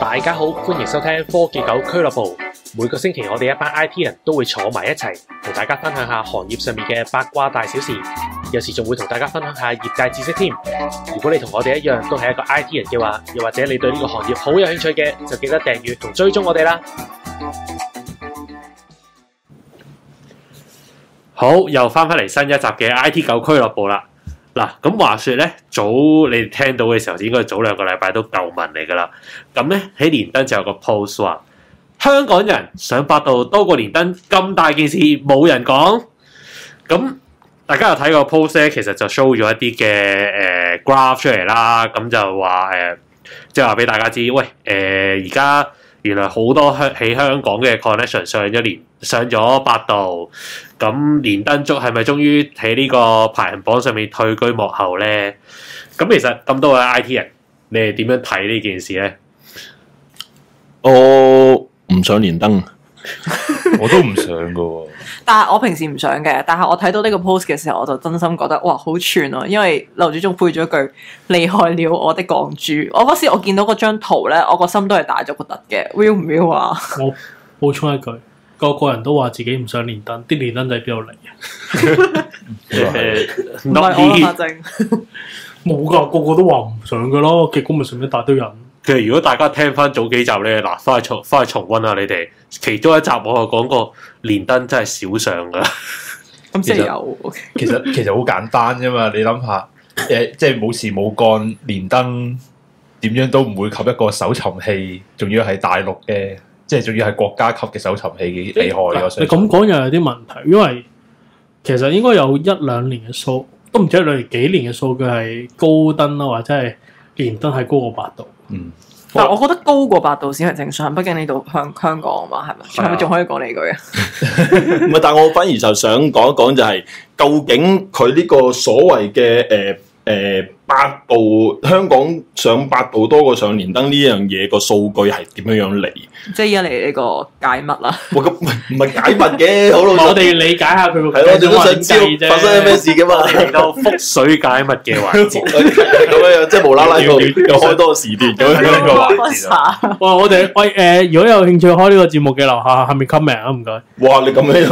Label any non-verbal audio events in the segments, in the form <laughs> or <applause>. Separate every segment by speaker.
Speaker 1: 大家好，歡迎收聽科技狗俱樂部。每個星期我哋一班 IT 人都會坐埋一齊，同大家分享下行業上面嘅八卦大小事，有時仲會同大家分享下業界知識添。如果你同我哋一樣都係一個 IT 人嘅話，又或者你對呢個行業好有興趣嘅，就記得訂閱同追蹤我哋啦。好，又翻返嚟新一集嘅 IT 狗俱樂部啦。嗱，咁話說咧，早你哋聽到嘅時候，應該早兩個禮拜都舊聞你噶啦。咁咧喺連登就有個 post 話，香港人上百度多過連登，咁大件事冇人講。咁大家又睇過 post 咧？其實就 show 咗一啲嘅誒 graph 出嚟啦。咁就話誒，即係話俾大家知，喂誒，而、呃、家原來好多香喺香港嘅 connection 上一年。上咗百度，咁連登足係咪終於喺呢個排行榜上面退居幕後咧？咁其實咁多位 I T 人，你哋點樣睇呢件事咧？我
Speaker 2: 唔、哦、想連登，
Speaker 3: <laughs> 我都唔想噶。 <laughs> 但係我平時唔想嘅，但係我睇到呢個 post 嘅時候，我就真心覺得「哇好串啊！」因為樓主仲配咗句「厲害了我的港珠」我我。我嗰時我見到嗰張圖咧，我個心都係大咗個突嘅，Will 唔 Will 啊？
Speaker 4: 我補充一句。個個人都話自己唔想連登，啲連登仔邊度嚟啊？唔係諗下冇噶，個個都話唔上噶咯，結果咪上一大堆人。
Speaker 1: 其實如果大家聽翻早幾集咧，嗱，翻去,去重翻去重温啊，你哋其中一集我又講過連 <laughs> 實，連登真係少上噶。咁即係有，
Speaker 5: 其實其實好簡單啫嘛。你諗下，誒、呃，即係冇事冇幹，連登點樣都唔會及一個搜尋器，仲要係大陸嘅。即係仲要係國家級嘅搜尋器，幾厲害咯！想你咁
Speaker 4: 講又有啲問題，因為其實應該有一兩年嘅數，都唔知你哋幾年嘅數據係高登啊，或者係連登係高過百度。
Speaker 3: 嗯，但我覺得高過百度先係正常，畢竟你度香香港嘛，係咪？係咪仲可以講呢句啊？
Speaker 2: 唔係，但係我反而就想講一講、就係，就係究竟佢呢個所謂嘅誒誒，百度香港上百度多過上連登呢樣嘢個數據係點樣樣嚟？
Speaker 3: 即係而家嚟呢個解密啦，唔係
Speaker 2: 唔係解密嘅，好老實。我哋理解下佢係咯，我哋、
Speaker 3: 啊、都想知發生咩
Speaker 2: 事噶嘛？嚟到覆水解密嘅環節，咁 <laughs> 樣即係無啦啦又又開多時段咗呢 <laughs> 個環節。哇 <laughs> ！
Speaker 4: 我哋喂誒、呃，如果有興趣開呢個節目嘅，留下下面 comment 啊，唔該。
Speaker 2: 哇！你咁樣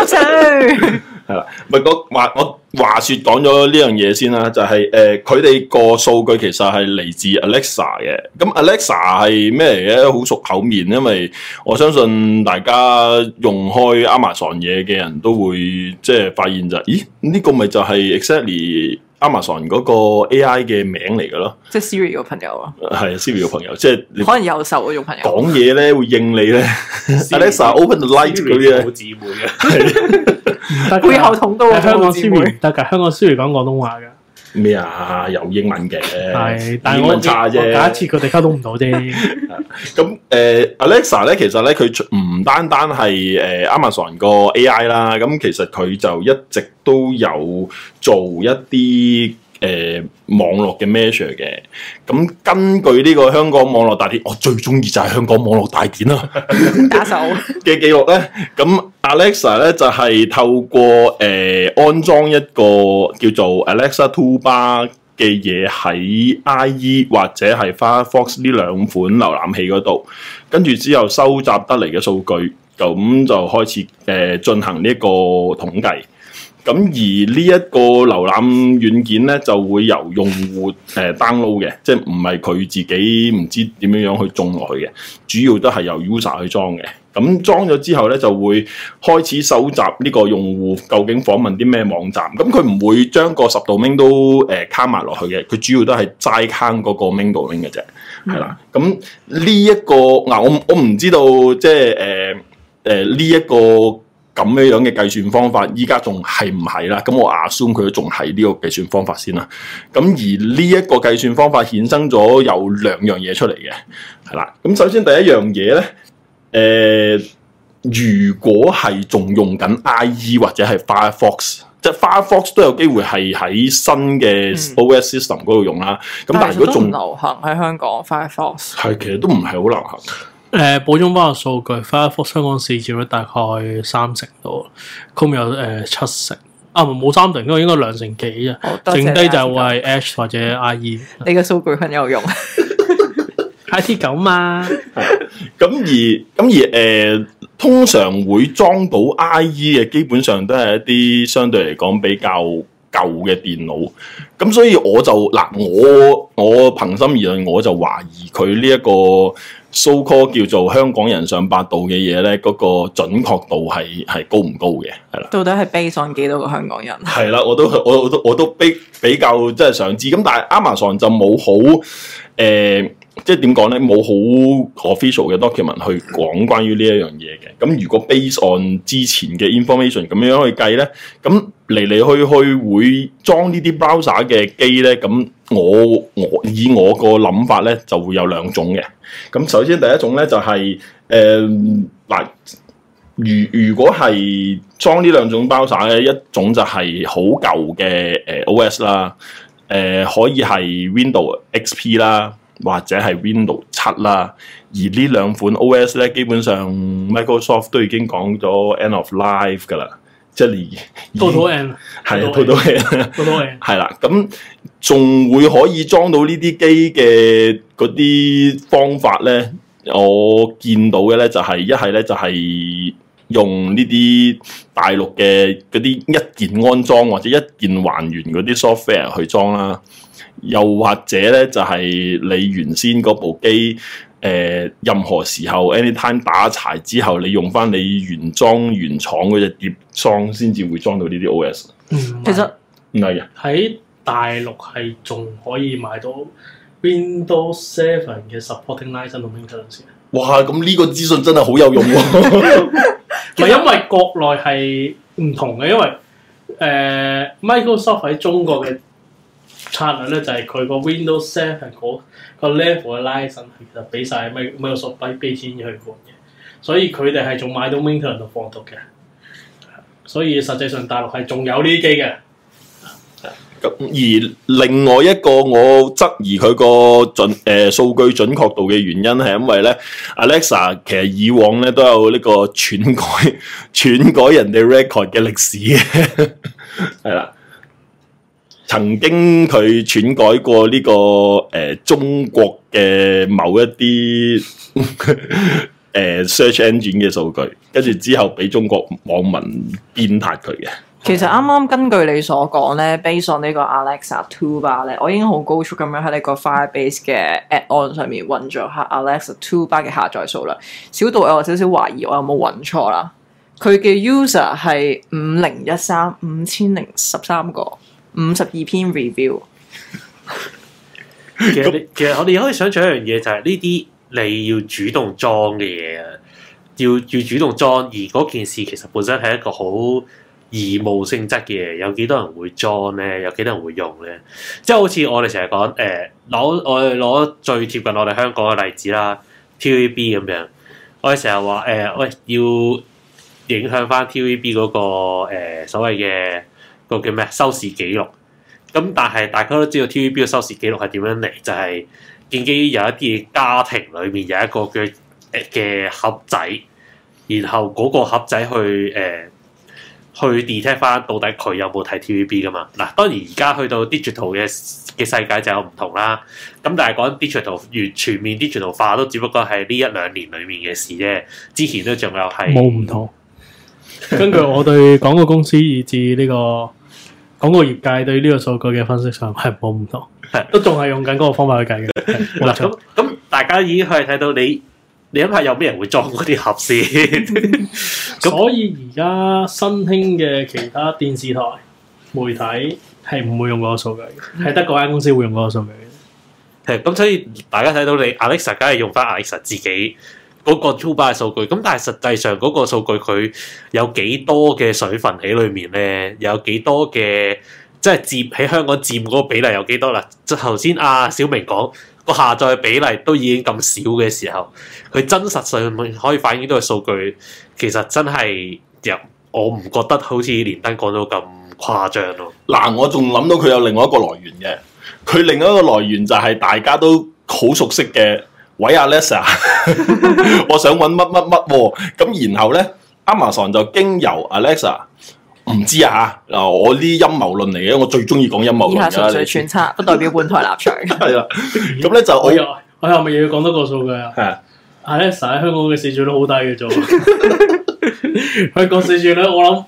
Speaker 2: 樣， <laughs> <laughs> 係啦，唔係、 <noise> 嗯、我，我話我話講咗呢樣嘢先啦，就係誒佢哋個數據其實係嚟自 Alexa 嘅，咁 Alexa 係咩嚟嘅？好熟口面，因為我相信大家用開 Amazon 嘢嘅人都會即係發現就，咦呢、呢個咪就係 exactly Amazon 個 AI 嘅名嚟嘅咯，
Speaker 3: 即係 Siri 個朋友咯，
Speaker 2: 係 Siri 個朋友，即係可
Speaker 3: 能有手嗰種朋友講
Speaker 2: 嘢咧會應你咧 <laughs> ，Alexa open the light 嗰啲啊，姊妹啊，背後捅刀啊，香港 Siri
Speaker 4: 但係香港 Siri 講廣東話嘅。
Speaker 2: 咩啊？有英文嘅， <laughs> 但我英文差啫。第一次
Speaker 4: 佢哋溝通唔到啫
Speaker 2: <laughs> <laughs> 咁、呃、誒，Alexa 咧，其實咧，佢唔單單係誒、呃、Amazon 個 AI 啦。咁、嗯、其實佢就一直都有做一啲誒、呃、網絡嘅 measure 嘅。咁、嗯、根據呢個香港網絡大典， <laughs> 我最中意就係香港網絡大典啦。打手嘅記錄咧，咁。嗯 Alexa 咧就係、是、透過誒、呃、安裝一個叫做 Alexa Toolbar 嘅嘢喺 IE 或者係 Firefox 呢兩款瀏覽器嗰度，跟住之後收集得嚟嘅數據，咁就開始誒、呃、進行呢一個統計。咁而呢一個瀏覽軟件咧就會由用戶誒、呃、download 嘅，即係唔係佢自己唔知點樣樣去種落去嘅，主要都係由 user 去裝嘅。咁裝咗之後咧，就會開始搜集呢個用戶究竟訪問啲咩網站。咁佢唔會將個十度 Mingo 卡埋落去嘅，佢主要都係齋卡嗰個 main domain 嘅啫，係啦。咁呢一個嗱、啊，我我唔知道即係誒誒呢一個咁咩樣嘅計算方法，依家仲係唔係啦？咁我 assume 佢都仲係呢個計算方法先啦。咁、嗯、而呢一個計算方法衍生咗有兩樣嘢出嚟嘅，係啦。咁、嗯、首先第一樣嘢咧。誒，如果係仲用緊 IE 或者係 Firefox，即係 Firefox 都有機會係喺新嘅 OS、嗯、system 嗰度用啦。咁但係如果仲流行喺香港 Firefox，係其實都唔係好流行。誒、呃，補
Speaker 4: 充返個數據 Firefox 香港市佔率大概三成到咁有誒、呃、七成，啊冇三成，應該應該兩成幾啊，哦、剩低就係 Edge 或者
Speaker 3: IE。你嘅數據很有用。 <laughs>
Speaker 2: 係啲咁啊，咁、 <laughs> 嗯、 <laughs> 而咁而誒、呃，通常會裝到 IE 嘅，基本上都係一啲相對嚟講比較舊嘅電腦。咁所以我就嗱，我我憑心而論，我就懷疑佢呢一個 so-called 叫做香港人上百度嘅嘢咧，嗰，那個準確度係係高唔高嘅係啦，
Speaker 3: 到底係悲上幾多個香港人？係
Speaker 2: 啦， <laughs> 我都我我都我都，我都比比較即係想知。咁但係 Amazon 就冇好誒。呃即係點講咧？冇好 official 嘅 document 去講關於呢一樣嘢嘅。咁如果 based on 之前嘅 information 咁樣去計咧，咁嚟嚟去去會裝呢啲 browser 嘅機咧，咁我我以我個諗法咧就會有兩種嘅。咁首先第一種咧就係誒嗱，如如果係裝呢兩種 browser 咧，一種就係好舊嘅誒 OS 啦、呃，誒可以係 Windows XP 啦。或者係 Windows 七啦，而呢兩款 OS 咧，基本上 Microsoft 都已經講咗 end of life 㗎啦，即係已。到到 end 啦。係，到到 end。到到 end。係啦，咁仲會可以裝到呢啲機嘅嗰啲方法咧？我見到嘅咧就係、是、一係咧就係用呢啲大陸嘅嗰啲一鍵安裝或者一鍵還原嗰啲 software 去裝啦。又或者咧，就係、是、你原先嗰部機，誒、呃，任何時候 anytime 打柴之後，你用翻你原裝原廠嗰隻碟裝，先至會裝到呢啲 OS。其實唔係
Speaker 4: 啊，喺大陸係仲可以買到 Windows Seven 嘅 supporting license 同 Windows
Speaker 2: 十。哇！咁呢個資訊真係好有用喎、
Speaker 4: 啊。係 <laughs> <laughs> 因為國內係唔同嘅，因為誒、呃、Microsoft 喺中國嘅。策略咧就係佢個 Windows 7係嗰個 level 嘅 license，其實俾曬 Microsoft 幣，俾錢去換嘅，所以佢哋係仲買到 Windows 度放毒嘅，所以實際上大陸係仲有呢啲機嘅。
Speaker 2: 咁而另外一個我質疑佢個準誒數據準確度嘅原因係因為咧，Alexa 其實以往咧都有呢個篡改篡改人哋 record 嘅歷史嘅，係啦。曾經佢篡改過呢、這個誒、呃、中國嘅某一啲誒 search、 <laughs> 呃、engine 嘅數據，跟住之後俾中國網民鞭撻佢嘅。
Speaker 3: 其實啱啱根據你所講咧，based on 呢個 Alexa Two 巴咧，我已經好高速咁樣喺你個 Firebase 嘅 add-on 上面揾咗下 Alexa Two 巴嘅下載數量，小度有少少懷疑我有冇揾錯啦。佢嘅 user 係五零一三五千零十三個。五十二篇 review
Speaker 1: <laughs> 其。其實其實我哋可以想像一樣嘢，就係呢啲你要主動裝嘅嘢啊，要要主動裝，而嗰件事其實本身係一個好義務性質嘅嘢，有幾多人會裝咧？有幾多人會用咧？即係好似我哋成日講誒攞我哋攞最貼近我哋香港嘅例子啦，TVB 咁樣，我哋成日話誒，喂、呃、要影響翻 TVB 嗰、那個、呃、所謂嘅。個叫咩收視記錄？咁但係大家都知道 TVB 嘅收視記錄係點樣嚟？就係見機有一啲家庭裏面有一個嘅誒嘅盒仔，然後嗰個盒仔去誒、呃、去 detect 翻到底佢有冇睇 TVB 噶嘛？嗱，當然而家去到 digital 嘅嘅世界就有唔同啦。咁但係講 digital 完全面 digital 化都只不過係呢一兩年裏面嘅事啫。之前都仲有係冇唔同。
Speaker 4: <laughs> 根據我對廣告公司以至呢、這個。廣告業界對呢個數據嘅分析上係冇唔同，係的都仲係用緊嗰個方法去計嘅。嗱咁
Speaker 1: 咁，大家已經可以睇到你，你諗下有咩人會裝嗰啲盒先？
Speaker 4: 所以而家新興嘅其他電視台媒體係唔會用嗰個數據嘅，係得嗰間公司會用嗰個數據嘅。
Speaker 1: 係咁，所以大家睇到你 Alexa，梗係用翻 Alexa 自己。嗰個 t w o b 嘅數據，咁但係實際上嗰個數據佢有幾多嘅水分喺裏面咧？有幾多嘅即係佔喺香港佔嗰個比例有幾多啦？即係頭先阿小明講個下載比例都已經咁少嘅時候，佢真實上可以反映到嘅數據，其實真係入我唔覺得好似連登講
Speaker 2: 到咁誇張咯。嗱，我仲諗到佢有另外一個來源嘅，佢另外一個來源就係大家都好熟悉嘅。喂，Alexa， <laughs> 我想揾乜乜乜，咁、哦、然後咧，Amazon 就經由 Alexa，唔知啊吓，嗱、呃、我呢陰謀論嚟嘅，我最中意講陰謀論啦，而係純粹揣測，你不代表本台立場。係啦， <laughs> 咁、嗯、咧、嗯、就哎呀，
Speaker 4: 我係，咪又要講多個數據啊，係、啊、Alexa 喺香港嘅市佔都好低嘅啫，佢講市佔率我諗。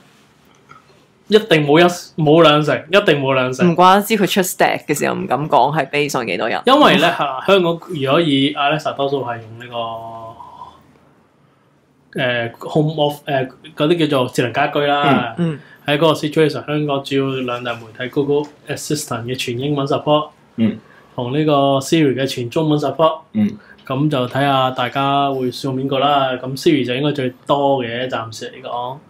Speaker 4: 一定冇一冇兩成，一定冇兩成。唔
Speaker 3: 怪得知佢出 stack 嘅時候唔敢講係悲送幾多人。因為咧嚇香
Speaker 4: 港，如果以 Alexa、多數係用呢個誒 Home of 誒嗰啲叫做智能家居啦，喺嗰、嗯嗯、個 situation，香港主要兩大媒體 Google Assistant 嘅全英文 support，
Speaker 1: 嗯，
Speaker 4: 同呢個 Siri 嘅全中文 support，嗯，咁、嗯、就睇下大家會用邊個啦。咁 Siri 就應該最多嘅，暫時嚟講。
Speaker 1: 嗯、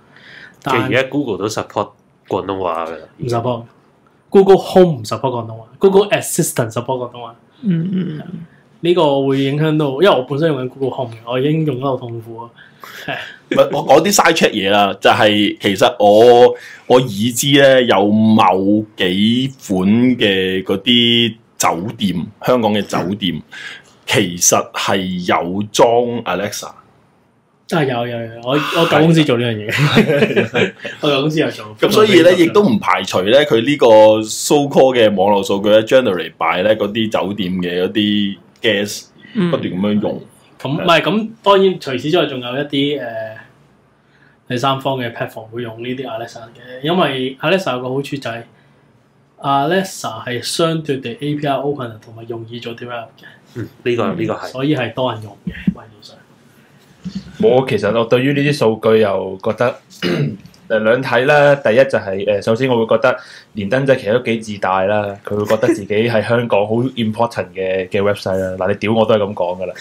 Speaker 1: 但係而家 Google 都 support。廣東話嘅唔
Speaker 4: support，Google Home 唔 support 廣東話，Google Assistant support 廣東話。嗯嗯，呢個會影響到，因為我本身用緊 Google Home 嘅，我已經用得好痛苦啊。
Speaker 2: 唔係，我講啲 side check 嘢啦，就係其實我我已知咧，有某幾款嘅嗰啲酒店，香港嘅酒店，其實係有裝 Alexa。
Speaker 4: 啊有有有，我我舊公司做呢樣嘢，的 <laughs> 我舊公司有做。咁 <laughs> 所以
Speaker 2: 咧，亦都唔排除咧，佢呢個 so call 嘅網絡數據咧 generally by 咧嗰啲酒店嘅嗰啲 guest、嗯、 不斷咁樣用。咁唔係咁，
Speaker 4: 當然除此之外，仲有一啲誒第三方嘅 platform 會用呢啲 Alexa 嘅，因為 Alexa 有個好處就係、是、Alexa 係相對地 API open 同埋容易做 develop 嘅。嗯，呢、這個
Speaker 1: 呢個係。所以係
Speaker 4: 多人用嘅， <laughs> <laughs>
Speaker 5: 我其實我對於呢啲數據又覺得 <coughs> 兩睇啦，第一就係、是、誒、呃，首先我會覺得連登仔其實都幾自大啦，佢會覺得自己係香港好 important 嘅嘅 website 啦。嗱，你屌我都係咁講㗎啦，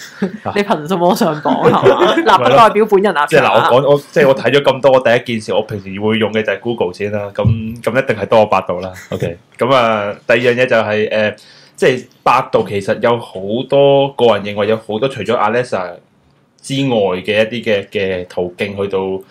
Speaker 5: 你
Speaker 3: 憑什麼上榜啊？ <laughs> <laughs> 立不代表本人啊？即係 <laughs> 我我即係、就
Speaker 5: 是、我睇咗咁多，我第一件事我平時會用嘅就係 Google 先啦。咁咁一定係多我百度啦。OK，咁啊、嗯嗯，第二樣嘢就係、是、誒、呃，即係百度其實有好多個人認為有好多，除咗 Alexa。之外嘅一啲嘅嘅途徑去到，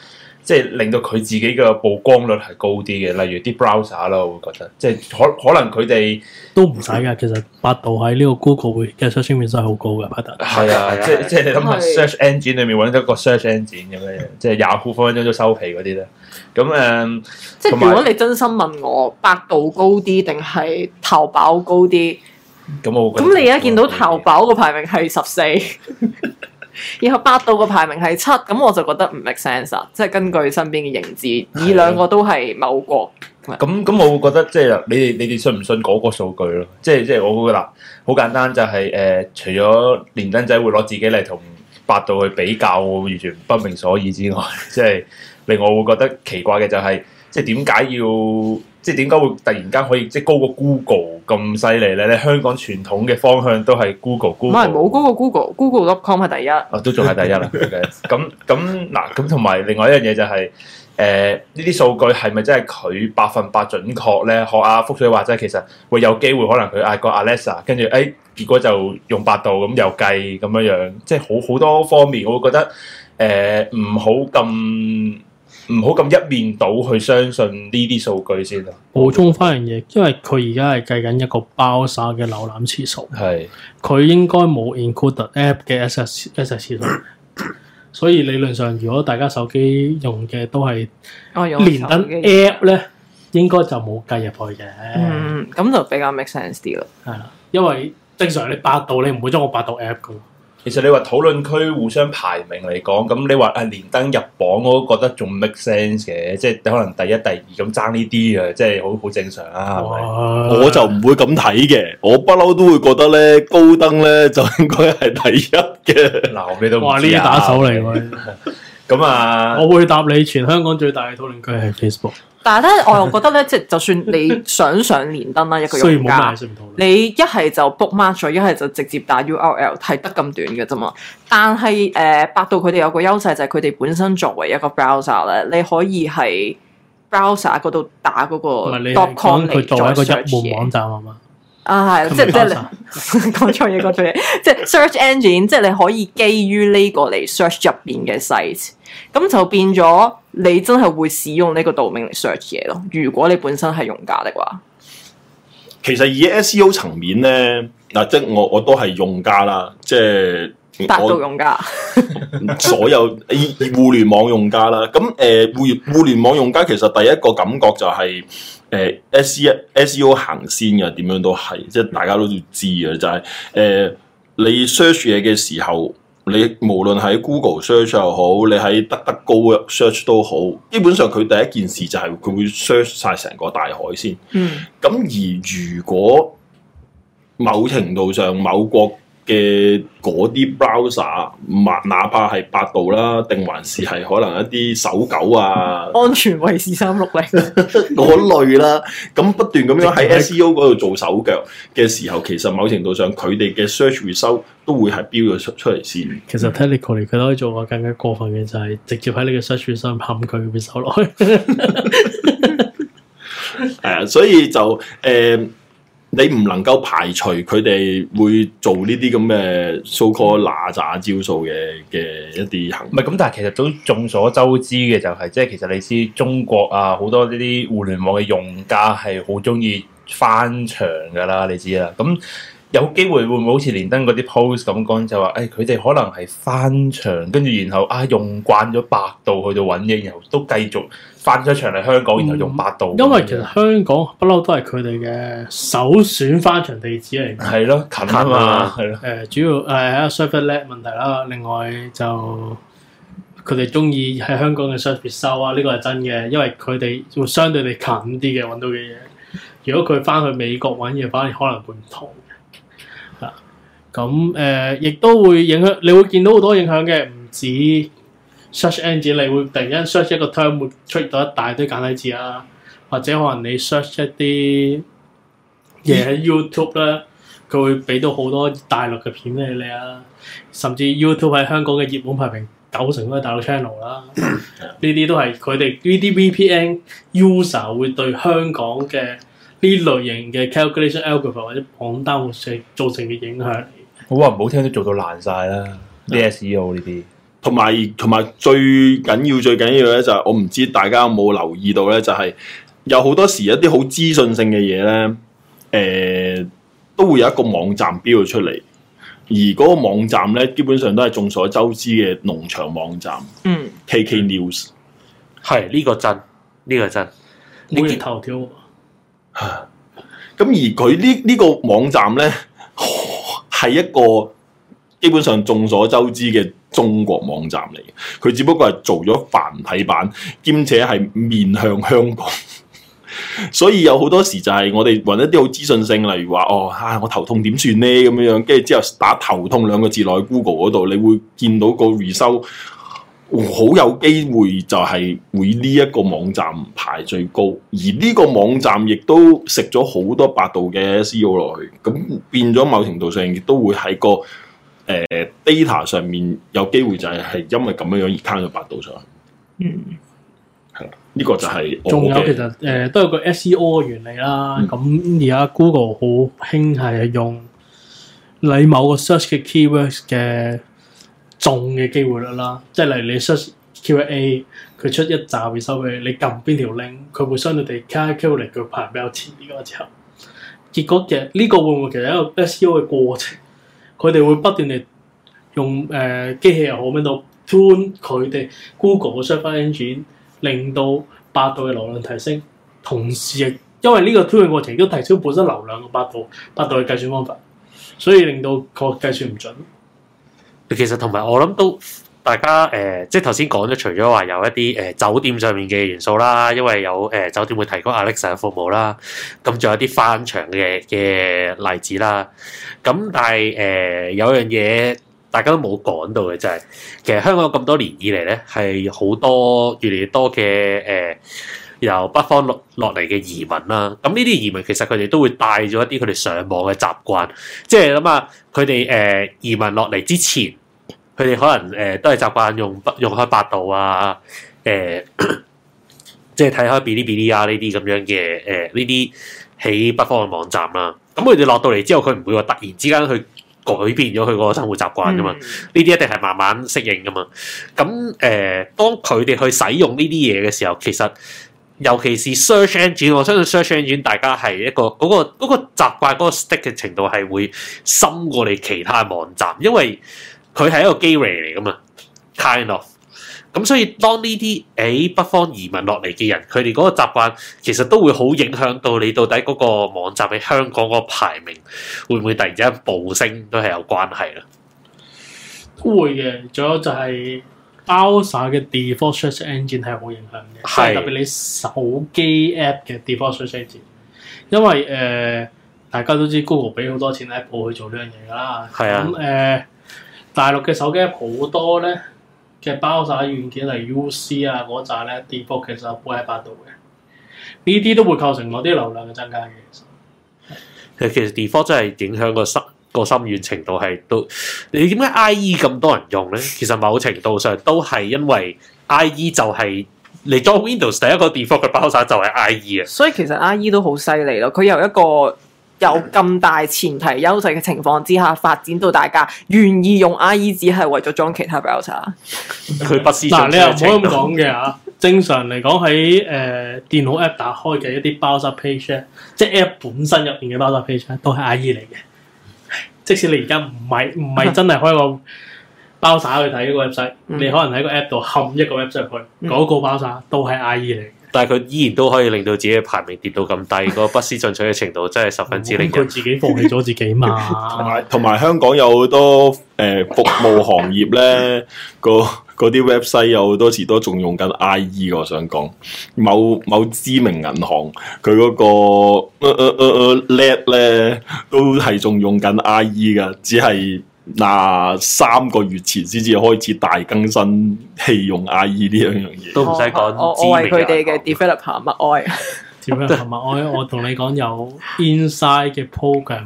Speaker 5: 即係令到佢自己嘅曝光率係高啲嘅，例如啲 browser 啦，我會覺得，即係可可能佢哋
Speaker 4: 都唔使㗎。其實百度喺呢個 Google 會 search 面數係好高嘅，係啊，啊
Speaker 5: 即係即係咁下 search engine 裏面揾到一個 search engine 咁樣，即係 Yahoo 分分鐘都收皮嗰啲咧。咁、嗯、誒，即係如果你
Speaker 3: 真心問我，百度高啲定係淘寶高啲？咁、嗯、我咁你而家見到淘寶個排名係十四。 <laughs> 然後百度個排名係七，咁我就覺得唔 make sense 啊！即係根據身邊嘅認知，的以兩個都係某國。
Speaker 5: 咁咁我會覺得即係、就是、你哋你哋信唔信嗰個數據咯？即係即係我會覺得，好簡單就係、是、誒、呃，除咗連登仔會攞自己嚟同百度去比較，我完全不明所以之外，即係令我會覺得奇怪嘅就係、是，即係點解要？即係點解會突然間可以即係高過 Google 咁犀利咧？咧香港傳統嘅方向都係 Go Google，Google Go 唔係冇
Speaker 3: 高過 Google，Google.com 係第一，哦、都仲係第一啦。
Speaker 5: 咁咁嗱，咁同埋另外一樣嘢就係誒，呢啲數據係咪真係佢百分百準確咧？學阿、啊、福水 Sir 話即其實會有機會可能佢嗌個 Alexa，跟住誒結果，就用百度咁又計咁樣樣，即係好好多方面，我會覺得誒唔、呃、好咁。唔好咁一面倒去相信呢啲數據先啦。
Speaker 4: 補充翻樣嘢，因為佢而家係計緊一個 browser 嘅瀏覽次數。係是，佢應該冇 include app 嘅 SSSS 次數，所以理論上如果大家手機用嘅都係、
Speaker 3: 哦、連登
Speaker 4: app 咧，應該就冇計入去嘅。嗯，
Speaker 3: 咁就比較 make sense 啲咯。係啊，
Speaker 4: 因為正常你百度你唔會裝個百度 app 噶。
Speaker 5: 其實你話討論區互相排名嚟講，咁你話啊連登入榜我都覺得仲 make sense 嘅，即係可能第一、第二咁爭呢
Speaker 2: 啲啊，即係好好正常啊哇。我就唔會咁睇嘅，我不嬲都會覺得咧，高登咧就應該係第一嘅。嗱，我畀到。哇，呢啲打手
Speaker 4: 嚟。 <laughs> 咁啊，我會答你，全香港最大嘅討論區係 Facebook。
Speaker 3: 但係咧，我又覺得咧，即係 <laughs> 就算你想上連登啦，一個用家，你一係就 bookmark 咗，一係就直接打 URL 係得咁短嘅啫嘛。但係誒、呃，百度佢哋有個優勢就係佢哋本身作為一個 browser 咧，你可以係 browser 嗰度打嗰、那個 dot com 嚟作為一個入門網站啊嘛。啊係，即係即係講錯嘢講錯嘢，即係 search engine，即係你可以基於呢個嚟 search 入邊嘅 site。咁就變咗，你真係會使用呢個道名嚟 search 嘢咯。如果你本身係用家嘅話，
Speaker 2: 其實以 SEO 層面咧，嗱、啊，即係我我都係用家啦，即係百度用
Speaker 3: 家我，
Speaker 2: <laughs> 所有以互聯網用家啦。咁誒、呃，互互聯網用家其實第一個感覺就係、是，誒、呃、，SEO SEO 行先嘅，點樣都係，即係大家都知嘅，就係、是，誒、呃，你 search 嘢嘅時候。你無論喺 Google search 又好，你喺得得高 search 都好，基本上佢第一件事就係佢會 search 晒成個大海先。嗯，咁而如果某程度上某國。嘅嗰啲 browser，唔，哪怕係百度啦，定還是係可能一啲搜狗啊，
Speaker 3: 安全衛士三六零
Speaker 2: 嗰類啦。咁不斷咁樣喺 SEO 嗰度做手腳嘅時候，其實某程度上佢哋嘅 search result 都會係標咗出出嚟先。
Speaker 4: 其實 technically，佢都可以做個更加過分嘅，就係直接喺你嘅 search result 冚佢嘅 result 落去。
Speaker 2: 係 <laughs> <laughs> 啊，所以就誒。呃你唔能夠排除佢哋會做呢啲咁嘅 so call 拿咋招數嘅嘅一啲行為。唔
Speaker 5: 係咁，但係其實都眾所周知嘅就係，即係其實你知中國啊，好多呢啲互聯網嘅用家係好中意翻牆噶啦，你知啦。咁有機會會唔會好似連登嗰啲 post 咁講就話，誒佢哋可能係翻牆，跟住然後啊用慣咗百度去到揾嘢，然後都繼續。翻咗場嚟香港，然後用百度。因為其實
Speaker 4: 香港不嬲都係佢哋嘅首選翻場地址嚟。係咯，近啊嘛，係咯。誒，主要係一個 search fat 問題啦。另外就佢哋中意喺香港嘅 search 收啊，呢、這個係真嘅。因為佢哋會相對地近啲嘅揾到嘅嘢。如果佢翻去美國揾嘢，反可能會唔同嘅。吓、啊，咁、呃、誒，亦都會影響，你會見到好多影響嘅，唔止。Search engine，你會突然間 search 一個 term 會出到一大堆簡體字啊，或者可能你 search 一啲嘢喺 YouTube 咧，佢會俾到好多大陸嘅片俾你啊。甚至 YouTube 喺香港嘅熱門排名九成都係大陸 channel 啦。呢啲都係佢哋呢啲 VPN user 會對香港嘅呢類型嘅 calculation algorithm 或者網站會成造成
Speaker 5: 嘅影響。好話唔好聽都做到爛晒啦
Speaker 2: ，SEO d 呢啲。Uh, 同埋同埋最緊要最緊要咧，就係我唔知大家有冇留意到咧，就係有好多時一啲好資訊性嘅嘢咧，誒、呃、都會有一個網站標咗出嚟，而嗰個網站咧，基本上都係眾所周知嘅農場網站。嗯，KK News 係呢個真呢個真，你、這、啲、個、頭條。咁而佢呢呢個網站咧，係、呃、一個基本上眾所周知嘅。中國網站嚟嘅，佢只不過係做咗繁體版，兼且係面向香港。 <laughs> 所以有好多時就係我哋揾一啲好資訊性，例如話哦、啊，我頭痛點算呢？咁樣樣，跟住之後打頭痛兩個字落去 Google 嗰度，你會見到個 result。好有機會就係會呢一個網站排最高，而呢個網站亦都食咗好多百度嘅 SEO 落去，咁變咗某程度上亦都會喺個。誒，data 上面有機會就係係因為咁樣樣而攤咗百度咗。嗯，係啦，呢個就係仲有其實
Speaker 4: 誒、呃、都有個 SEO 嘅原理啦。咁而家 Google 好興係用你某個 search 嘅 keywords 嘅重嘅機會率啦。即係例如你 search Q&A，佢出一集會收你，你撳邊條 link，佢會相對地 calculate 佢排比較前呢個之後結果嘅呢、這個會唔會其實一個 SEO 嘅過程？佢哋會不斷地用誒、呃、機器又好，喺度以 train 佢哋 Google 嘅 search engine，令到百度嘅流量提升，同時亦因為呢個 training 過程都提升本身流量嘅百度，百度嘅計算方法，所以令到個計算唔準。
Speaker 1: 其實同埋我諗都。大家誒、呃，即係頭先講咗，除咗話有一啲誒、呃、酒店上面嘅元素啦，因為有誒、呃、酒店會提供 Alexa 嘅服務啦，咁、嗯、仲有啲翻牆嘅嘅例子啦。咁、嗯、但係誒、呃、有樣嘢大家都冇講到嘅就係、是，其實香港咁多年以嚟咧，係好多越嚟越多嘅誒、呃、由北方落落嚟嘅移民啦。咁呢啲移民其實佢哋都會帶咗一啲佢哋上網嘅習慣，即係諗啊，佢哋誒移民落嚟之前。佢哋可能誒、呃、都係習慣用用開百度啊，誒、呃，即係睇開 Bilibili 啊呢啲咁樣嘅誒呢啲喺北方嘅網站啦、啊。咁佢哋落到嚟之後，佢唔會話突然之間去改變咗佢個生活習慣噶嘛。呢啲、嗯、一定係慢慢適應噶嘛。咁誒、呃，當佢哋去使用呢啲嘢嘅時候，其實尤其是 search engine，我相信 search engine 大家係一個嗰、嗰個嗰、嗰個習慣嗰個 stick 嘅程度係會深過你其他網站，因為。佢係一個機雷嚟㗎嘛，kind of。咁所以當呢啲誒北方移民落嚟嘅人，佢哋嗰個習慣其實都會好影響到你到底嗰個網站喺香港個排名會唔會突然之間暴升，都係有關係啦。
Speaker 4: 都會嘅，仲有就係 OSA 嘅 default search engine 係好影響嘅，是特別你手機 app 嘅 default search engine。因為誒、呃，大家都知 Google 俾好多錢 Apple 去做呢樣嘢㗎喇，咁誒、啊。大陸嘅手機好多咧嘅包晒軟件係 UC 啊嗰扎咧，default 其實係背喺百度嘅，呢啲都會構成我啲流量嘅增加嘅。其
Speaker 1: 實、啊、其實 default 真係影響個深個深遠程度係都，你點解 IE 咁多人用咧？其實某程度上都係因為 IE 就係、是、你裝 Windows 第一個 default 嘅包晒就係 IE 啊。
Speaker 3: 所以其實 IE 都好犀利咯，佢有一個。有咁大前提優勢嘅情況之下，發展到大家願意用 IE 只係為咗裝其他 browser，
Speaker 1: 佢
Speaker 4: 不思。但你又唔可以咁講嘅啊！ <laughs> 正常嚟講，喺誒、呃、電腦 app 打開嘅一啲 browser page，即係 app 本身入邊嘅 browser page 都係 IE 嚟嘅。即使你而家唔係唔係真係開個 browser 去睇嗰個 website 你可能喺個 app 度冚一個 website 入去，嗰、那個 browser 都係 IE 嚟。
Speaker 1: 但係佢依然都可以令到自己嘅排名跌到咁低，個不思進取嘅程度真係十分之令人。佢 <laughs> 自己
Speaker 2: 放棄咗自己嘛？同埋，同埋香港有好多誒、呃、服務行業咧，嗰啲 website 有好多時都仲用緊 IE。我想講，某某知名銀行佢嗰、嗰個叻咧、呃呃呃，都係仲用緊 IE 噶，只係。嗱，三個月前先至開始大更新，棄用 IE 呢兩樣嘢，
Speaker 3: 都唔使講我為佢哋嘅 developer 默哀。
Speaker 4: developer 默哀，我同你講有 inside 嘅 program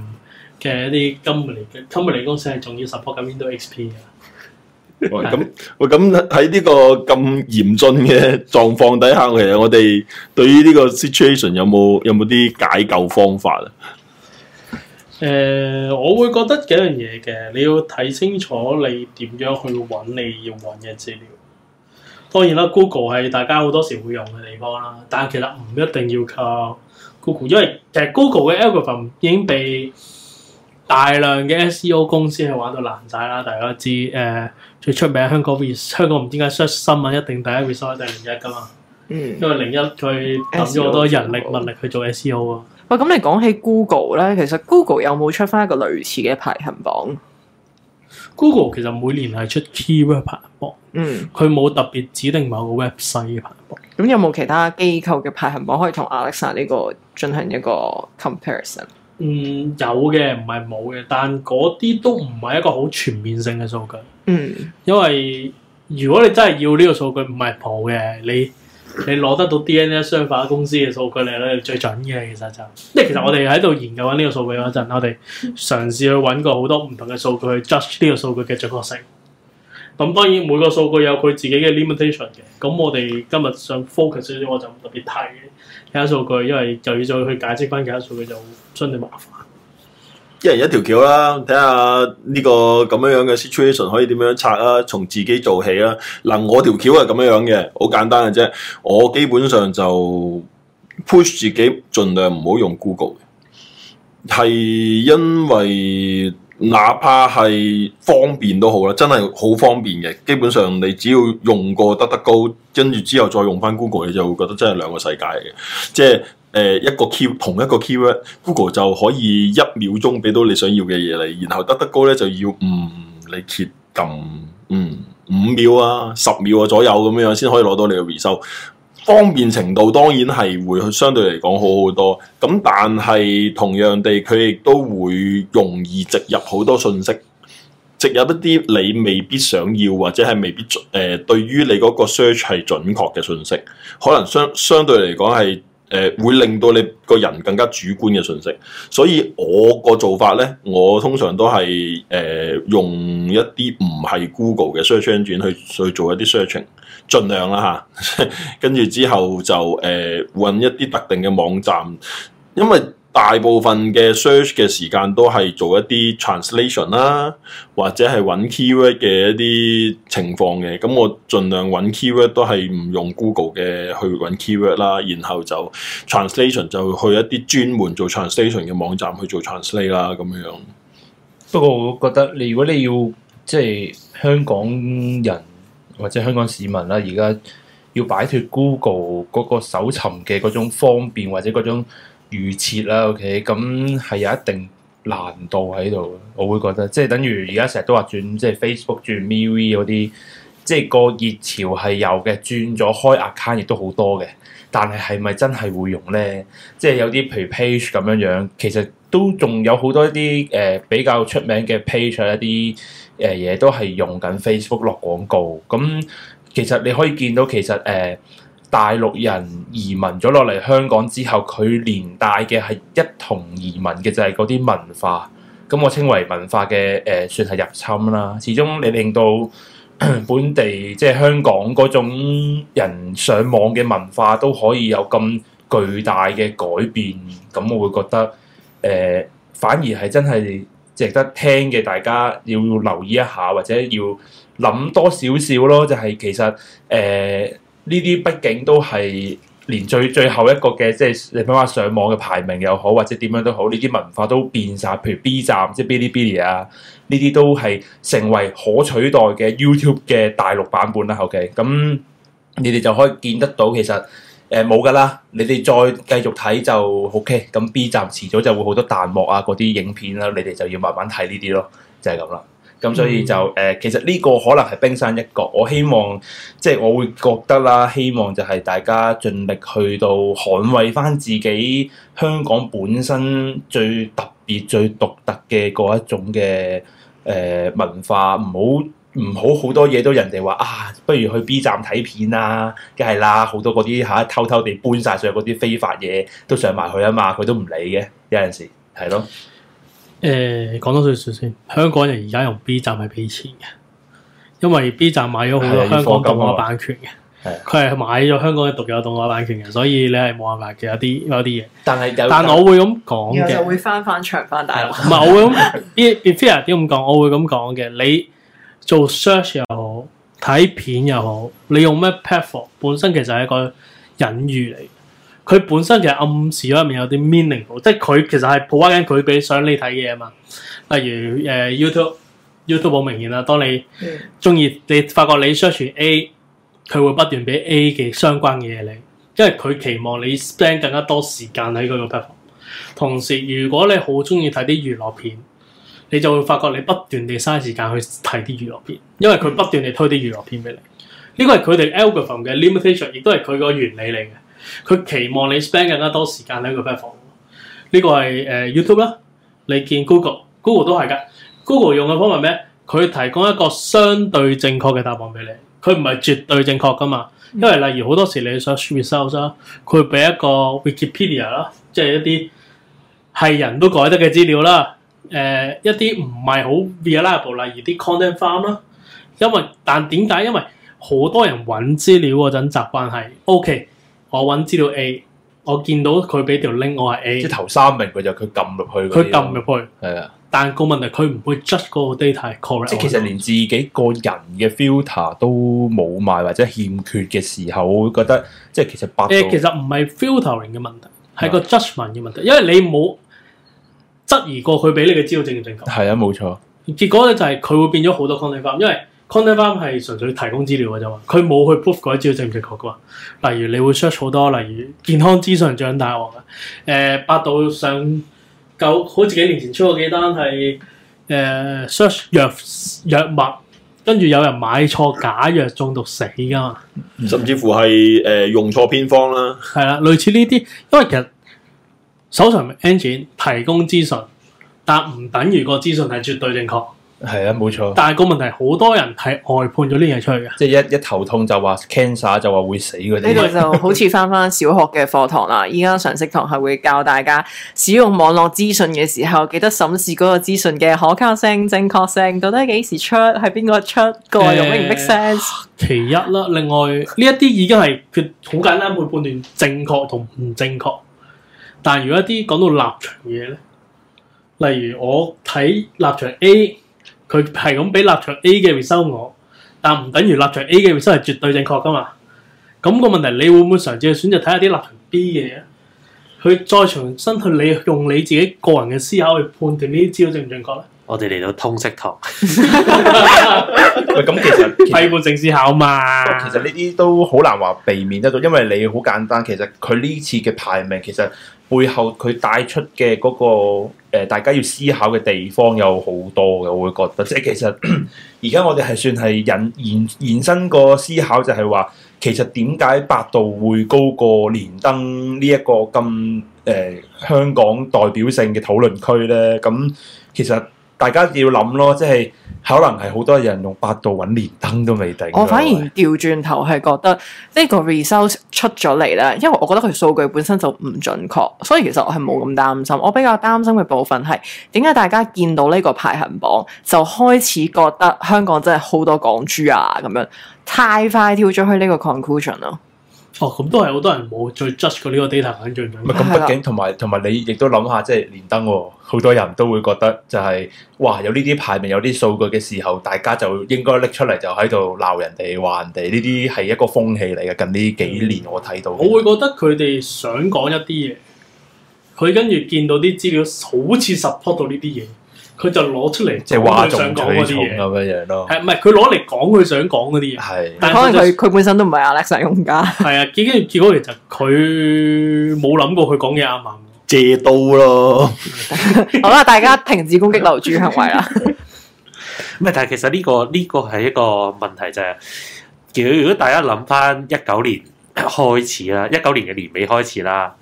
Speaker 4: 嘅一啲 <laughs> 金物嚟嘅，金嚟公司係仲要 support 緊 Windows XP 嘅 <laughs>
Speaker 2: 是。喂，咁喂，咁喺呢個咁嚴峻嘅狀況底下，其實我哋對於呢個 situation 有冇有冇啲解救方法啊？
Speaker 4: 誒、呃，我會覺得幾樣嘢嘅，你要睇清楚你點樣去揾你要揾嘅資料。當然啦，Google 係大家好多時會用嘅地方啦，但係其實唔一定要靠 Google，因為其實 Google 嘅 algorithm 已經被大量嘅 SEO 公司係玩到爛晒啦。大家知，誒、呃，最出名香港香港，唔知點解
Speaker 3: search 新聞一定第一 result 定
Speaker 4: 零一噶嘛？嗯、因為零一佢揼咗好多人力物
Speaker 3: 力去做 SEO 啊。喂，咁、嗯、你講起 Google 咧，其實 Google 有冇出翻一個類似嘅排行榜
Speaker 4: ？Google 其實每年係出 keyword 排行榜，嗯，佢冇特別指定某個 website 嘅排行
Speaker 3: 榜。咁、嗯、有冇其他機構嘅排行榜可以同 Alexa 呢個進行一個 comparison？嗯，
Speaker 4: 有嘅，唔係冇嘅，但嗰啲都唔係一個好全面性嘅數據，嗯，因為如果你真係要呢個數據唔係冇嘅，你。你攞得到 DNA 相化公司嘅數據嚟咧，最準嘅其實就是，即係其實我哋喺度研究緊呢個數據陣，我哋嘗試去揾過好多唔同嘅數據去 judge 呢個數據嘅準確性。咁當然每個數據有佢自己嘅 limitation 嘅，咁我哋今日想 focus 呢啲我就唔特別睇其他數據，因為就要再去解釋翻其他數據就相對麻煩。
Speaker 2: 一人一條橋啦，睇下呢個咁樣樣嘅 situation 可以點樣拆啦，從自己做起啦。嗱，我條橋係咁樣樣嘅，好簡單嘅啫。我基本上就 push 自己盡量唔好用 Google，係因為哪怕係方便都好啦，真係好方便嘅。基本上你只要用過 DuckDuckGo，跟住之後再用翻 Google，你就會覺得真係兩個世界嘅，即係。誒，一個 key 同一個 keyword，Google 就可以一秒鐘俾到你想要嘅嘢嚟，然後得得高咧，就要嗯你鍵撳嗯五秒啊十秒啊左右咁樣先可以攞到你嘅維修，方便程度當然係會相對嚟講好好多，咁但係同樣地，佢亦都會容易植入好多信息，植入一啲你未必想要或者係未必誒、呃，對於你嗰個 search 係準確嘅信息，可能相相對嚟講係。誒、呃、會令到你個人更加主觀嘅信息，所以我個做法咧，我通常都係誒、呃、用一啲唔係 Google 嘅 search engine 去去做一啲 searching，盡量啦嚇， <laughs> 跟住之後就誒揾、呃、一啲特定嘅網站，因為。大部分嘅 search 嘅時間都係做一啲 translation 啦，或者係揾 keyword 嘅一啲情況嘅，咁我盡量揾 keyword 都係唔用 Google 嘅去揾 keyword 啦，然後就 translation 就去一啲專門做 translation 嘅網站去做 translate 啦咁樣樣。
Speaker 5: 不過我覺得你如果你要即係、就是、香港人或者香港市民啦、啊，而家要擺脫 Google 嗰個搜尋嘅嗰種方便或者嗰種。預設啦，OK，咁係有一定難度喺度，我會覺得，即係等於而家成日都話轉，即係 Facebook 轉 MeWe 嗰啲，即係個熱潮係有嘅，轉咗開 account 亦都好多嘅，但係係咪真係會用咧？即係有啲譬如 page 咁樣樣，其實都仲有好多啲誒、呃、比較出名嘅 page 一啲誒嘢都係用緊 Facebook 落廣告，咁、嗯、其實你可以見到其實誒。呃大陸人移民咗落嚟香港之後，佢連帶嘅係一同移民嘅就係嗰啲文化，咁我稱為文化嘅誒、呃，算係入侵啦。始終你令到 <coughs> 本地即係、就是、香港嗰種人上網嘅文化都可以有咁巨大嘅改變，咁我會覺得誒、呃，反而係真係值得聽嘅，大家要留意一下或者要諗多少少咯，就係、是、其實誒。呃呢啲畢竟都係連最最後一個嘅即係你點話上網嘅排名又好，或者點樣都好，呢啲文化都變晒。譬如 B 站即係 Bilibili 啊，呢啲都係成為可取代嘅 YouTube 嘅大陸版本啦。OK，咁你哋就可以見得到，其實誒冇㗎啦。你哋再繼續睇就 OK。咁 B 站遲早就會好多彈幕啊，嗰啲影片啦，你哋就要慢慢睇呢啲咯，就係、是、咁啦。咁所以就誒、呃，其實呢個可能係冰山一角。我希望，即係我會覺得啦，希望就係大家盡力去到捍衞翻自己香港本身最特別、最獨特嘅嗰一種嘅誒、呃、文化，唔好唔好好多嘢都人哋話啊，不如去 B 站睇片啊，梗係啦，好多嗰啲嚇偷偷哋搬晒上去嗰啲非法嘢都上埋去啊嘛，佢都唔理嘅，有陣時係咯。
Speaker 4: 誒，講多少少先。香港人而家用 B 站係俾錢嘅，因為 B 站買咗好多香港動畫版權嘅，佢係買咗香港嘅獨有動畫版權嘅，的所以你係冇辦法嘅有啲有啲嘢。但係但我會咁講嘅，就會
Speaker 3: 翻翻牆翻大陸。唔係， <laughs> 我會
Speaker 4: 咁 i 咁講，我會咁講嘅。你做 search 又好，睇片又好，你用咩 platform 本身其實係一個隱喻嚟。佢本身其實暗示咗入面有啲 meaningful，即係佢其實係 provide 緊佢俾想你睇嘅嘢嘛。例如誒 YouTube，呃、YouTube 好明顯啦，當你中意你發覺你 search A，佢會不斷俾 A 嘅相關嘅嘢你，因為佢期望你 spend 更加多時間喺嗰個 platform，同時如果你好中意睇啲娛樂片，你就會發覺你不斷地嘥時間去睇啲娛樂片，因為佢不斷地推啲娛樂片俾你。呢個係佢哋 algorithm 嘅 limitation，亦都係佢個原理嚟嘅。佢期望你 spend 更加多時間喺個 platform，呢個係誒 YouTube 啦，你見 Google，Google 都係㗎，Google 用嘅方法咩？佢提供一個相對正確嘅答案俾你，佢唔係絕對正確㗎嘛。因為例如好多時你想 search 啦，佢俾一個 Wikipedia 啦，即係一啲係人都改得嘅資料啦，誒、呃、一啲唔係好 reliable，例如啲 content farm 啦。因為但點解？因為好多人揾資料嗰陣習慣係 OK。我揾資料 A，我見到佢俾
Speaker 5: 條 link，我係 A。即頭三名佢就佢撳入去。佢撳入去。係啊，但係個問題
Speaker 4: 佢唔會 judge 嗰個 data 係 correct。其實連
Speaker 5: 自己個人嘅 filter 都冇埋或者欠缺嘅時候，會覺得即其實百。誒、呃，其實唔係 filtering 嘅問題，係
Speaker 4: 個 judgement 嘅問題，因為你冇質疑過佢俾你嘅資料正唔正確。係啊，冇錯。結果咧就係佢會變咗好多 concept 因為。Content Farm 係純粹提供資料嘅就話，佢冇去 proof 嗰啲資料正唔正確嘅話，例如你會 search 好多，例如健康資訊長大王啊。誒、呃，百度上九好似幾年前出過幾單係誒 search 藥藥物，跟住有人買錯假藥中毒死㗎嘛。
Speaker 2: 甚至乎係誒、呃、用錯偏方啦。
Speaker 4: 係啦，類似呢啲，因為其實搜尋 engine 提供資訊，但唔等於個資訊係絕對
Speaker 5: 正確。係啊，冇錯。但係個問題，好多人係外判咗呢嘢出去嘅，即係一一頭痛就話 cancer，就話會死嗰啲。呢度就好似
Speaker 3: 翻翻小學嘅課堂啦。依家 <laughs> 常識堂係會教大家使用網絡資訊嘅時候，記得審視嗰個資訊嘅可靠性、正確性，到底幾時出，係邊個出，個用唔 make sense？s
Speaker 4: 其一啦，另外呢一啲已經係佢好簡單會判斷正確同唔正確。但如果一啲講到立場嘅嘢咧，例如我睇立場 A。佢係咁俾立場 A 嘅回收我，但唔等於立場 A 嘅回收係絕對正確噶嘛？咁、那個問題，你會唔會嘗試去選擇睇下啲立場 B 嘅嘢？佢再重新去你用你自己個人嘅思考去判斷呢啲資料正唔正確咧？
Speaker 1: 我哋嚟到通識堂，喂，咁其實，其實 <laughs> 批判性思考嘛，其
Speaker 5: 實呢啲都好難話避免得到，因為你好簡單，其實佢呢次嘅排名其實。背後佢帶出嘅嗰、那個、呃、大家要思考嘅地方有好多嘅，我會覺得即係其實而家我哋係算係延延伸個思考就，就係話其實點解百度會高過連登呢一個咁誒、呃、香港代表性嘅討論區咧？咁、嗯、其實。大家要諗
Speaker 3: 咯，即係可能係好多人用百度揾連登都未定。我反而調轉頭係覺得呢個 result 出咗嚟啦，因為我覺得佢數據本身就唔準確，所以其實我係冇咁擔心。我比較擔心嘅部分係點解大家見到呢個排行榜就開始覺得香港真係好多港豬啊咁樣，太快跳咗去呢個 conclusion 啦。哦，咁都係好
Speaker 5: 多人冇再 judge 過呢個 data 引證。唔係咁，畢竟同埋同埋你亦都諗下，即係連登喎，好多人都會覺得就係，哇，有呢啲排名有啲數據嘅時候，大家就應該拎出嚟就喺度鬧人哋，話人哋呢啲係一個風氣嚟嘅。近呢幾年我睇到、嗯，我會覺得佢哋
Speaker 4: 想講一啲嘢，佢跟住見到啲資料好似 support 到呢啲嘢。佢就攞出嚟，即係話眾取寵咁樣嘢咯。係唔係佢攞嚟講佢想講嗰啲嘢？係是，但可能佢
Speaker 3: 佢本身都唔係 Alexa 用家。
Speaker 4: 係 <laughs> 啊，結結結果其實佢冇諗過佢講嘢啱
Speaker 3: 唔啱。
Speaker 2: 借刀咯，
Speaker 3: <laughs> 好啦，大家停止攻擊樓主行為啦。
Speaker 1: 咩？ <laughs> <laughs> 但係其實呢、呢個呢、呢個係一個問題啫、就係。如果如果大家諗翻一九年開始啦，一九年嘅年尾開始啦，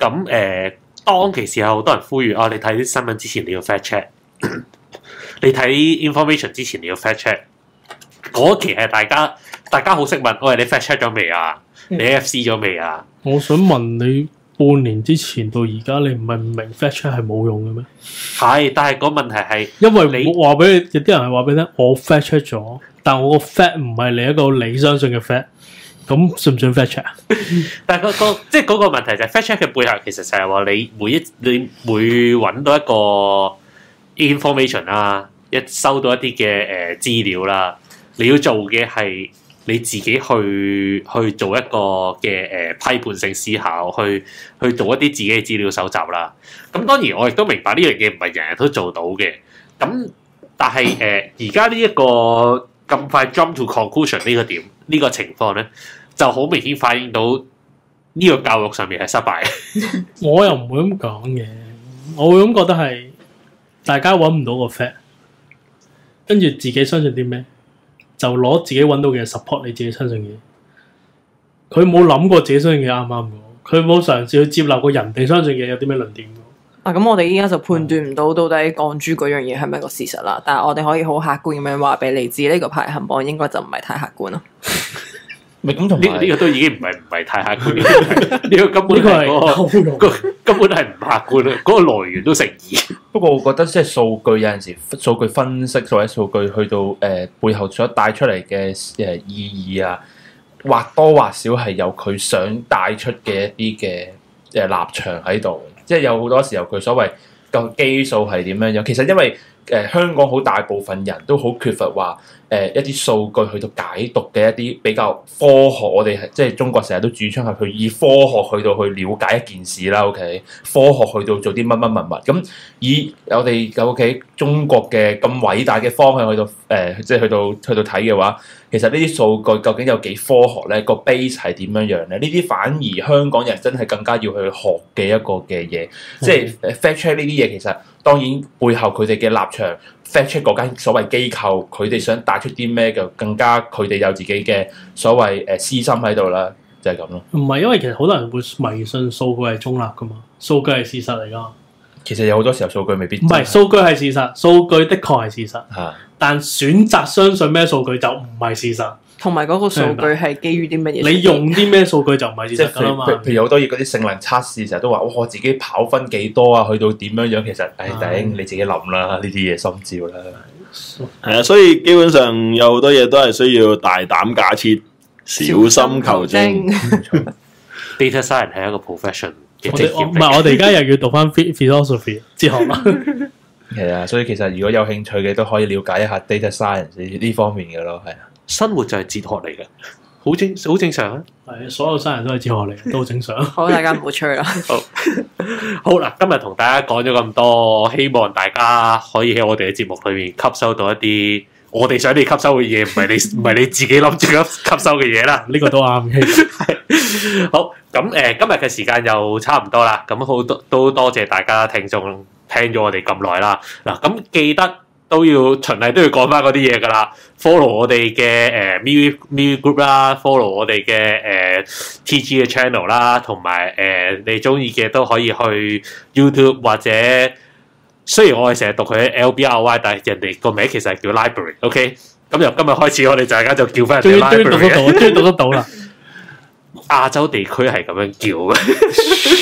Speaker 1: 咁誒、呃、當其時有好多人呼籲啊！你睇啲新聞之前你要 fact check。Chat, 你睇 information 之前你要 fact check，嗰期係大家大家好識問，喂，你 fact check 咗未啊？你 fc 咗未啊？
Speaker 4: 我想問你，半年之前到而家，你唔係唔明 fact check 係冇用嘅咩？
Speaker 1: 係，但係個問題係，因為你
Speaker 4: 話俾你，有啲人係話俾你，我 fact check 咗，但我個 fact 唔係你一個你相信嘅 fact，咁信唔信 fact check 啊？
Speaker 1: 但係個即係嗰個問題就係 fact check 嘅背後，其實就係話你每一你每搵到一個。Information 啦，一收到一啲嘅誒資料啦，你要做嘅係你自己去去做一個嘅誒、呃、批判性思考，去去做一啲自己嘅資料搜集啦。咁、嗯、當然我亦都明白呢樣嘢唔係人人都做到嘅。咁但係誒而家呢一個咁快 jump to conclusion 呢個點呢、呢個情況咧，就好明顯反映到呢個教育上面係失敗。
Speaker 4: 我又唔會咁講嘅，我會咁覺得係。大家揾唔到個 fact，跟住自己相信啲咩，就攞自己揾到嘅 support 你自己相信嘢。佢冇諗過自己相信嘢啱唔啱，佢冇嘗試去接納過人哋相信嘢有啲咩論點。
Speaker 3: 啊，咁我哋依家就判斷唔到到底鋼珠嗰樣嘢係咪個事實啦。但係我哋可以好客觀咁樣話俾你知，呢個排行榜應該就唔係太客觀咯。 <laughs>
Speaker 1: 唔咁同呢個呢、這個都已經唔係唔係太客觀，呢 <laughs> 個根本係呢、那個係 <laughs> 根本係唔客觀嘅，嗰 <laughs> 個來源都成疑。
Speaker 5: 不過我覺得即係數據有陣時數據分析，所有數據去到誒、呃、背後所帶出嚟嘅誒意義啊，或多或少係有佢想帶出嘅一啲嘅誒立場喺度，即係有好多時候佢所謂個基數係點樣樣，其實因為。誒、呃、香港好大部分人都好缺乏話誒、呃、一啲數據去到解讀嘅一啲比較科學，我哋即係中國成日都主張係去以科學去到去了解一件事啦，OK？科學去到做啲乜乜物物咁，以我哋嘅 OK 中國嘅咁偉大嘅方向去到誒、呃，即係去到去到睇嘅話。其實呢啲數據究竟有幾科學咧？個 base 係點樣樣咧？呢啲反而香港人真係更加要去學嘅一個嘅嘢，是的 即係是 fact check 呢啲嘢。其實當然背後佢哋嘅立場，fact check 嗰間所謂機構，佢哋想帶出啲咩嘅更加佢哋有自己嘅所謂誒、呃、私心喺度啦，就係咁咯。
Speaker 4: 唔係因為其實好多人會迷信數據係中立㗎嘛，數據係事實嚟㗎。
Speaker 5: 其實有好多時候數據未必唔係，數
Speaker 4: 據係事實，數據的確係事實。吓、啊，但選擇相信咩數據就唔係事實。
Speaker 3: 同埋嗰個數據係基於啲乜嘢？吧你用
Speaker 5: 啲咩數據就唔係事實噶啦嘛。譬如好多嘢嗰啲性能測試，成日都話：我自己跑分幾多啊？去到點樣樣？其實，頂、哎、的你自己諗啦，呢啲嘢心照啦。
Speaker 2: 係啊，所以基本上有好多嘢都係需要大膽假設，小心求證。Data science 係一個 professional。唔係，
Speaker 4: 我哋而家又要讀翻 philosophy 哲學。
Speaker 1: 係啊，所以其實如果有興趣嘅，
Speaker 5: 都可以了解一下 data science 呢方面嘅咯。係啊，生活就係哲學嚟嘅，好正好正常啊。
Speaker 4: 係所有生人都係哲學嚟嘅，都好正常啊。 <laughs> 好，大家唔好吹啦。
Speaker 5: <laughs> 好，
Speaker 1: 好啦，今日同大家講咗咁多，希望大家可以喺我哋嘅節目裏面吸收到一啲。我哋想你吸收嘅嘢，唔係你唔係你自己諗住咁吸收嘅嘢啦，呢個都啱嘅。係好咁，誒，今日嘅時間又差唔多啦。咁好多都多謝大家聽眾聽咗我哋咁耐啦。嗱，咁記得都要循例都要講翻嗰啲嘢㗎啦。follow 我哋嘅誒，MeWe Group 啦，follow 我哋嘅誒 TG 嘅 channel 啦，同埋誒你中意嘅都可以去 YouTube 或者。雖然我係成日讀佢 LBRY，但係人哋個名其實係叫 library，OK？咁由今日開始，我哋就大家就叫翻人哋 library。讀得到，讀得到啦！亞洲地區係咁樣叫嘅。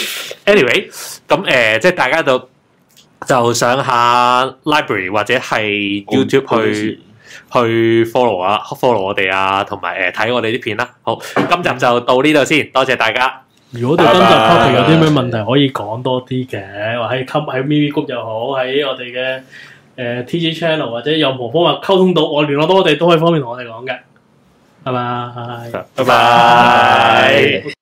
Speaker 1: Anyway，咁誒，即係大家就就上下 library 或者係 YouTube 去去 follow 啊，follow 我哋啊，同埋誒睇我哋啲片啦。好，今集就到呢度先，多謝大家。
Speaker 4: 如果對今集 topic 有啲咩問題，可以講多啲嘅，或喺喺咪咪谷又好，喺我哋嘅誒 TG channel 或者任何方法溝通到我，我聯絡到我哋都可以方便同我哋講嘅。拜拜，
Speaker 1: 拜拜。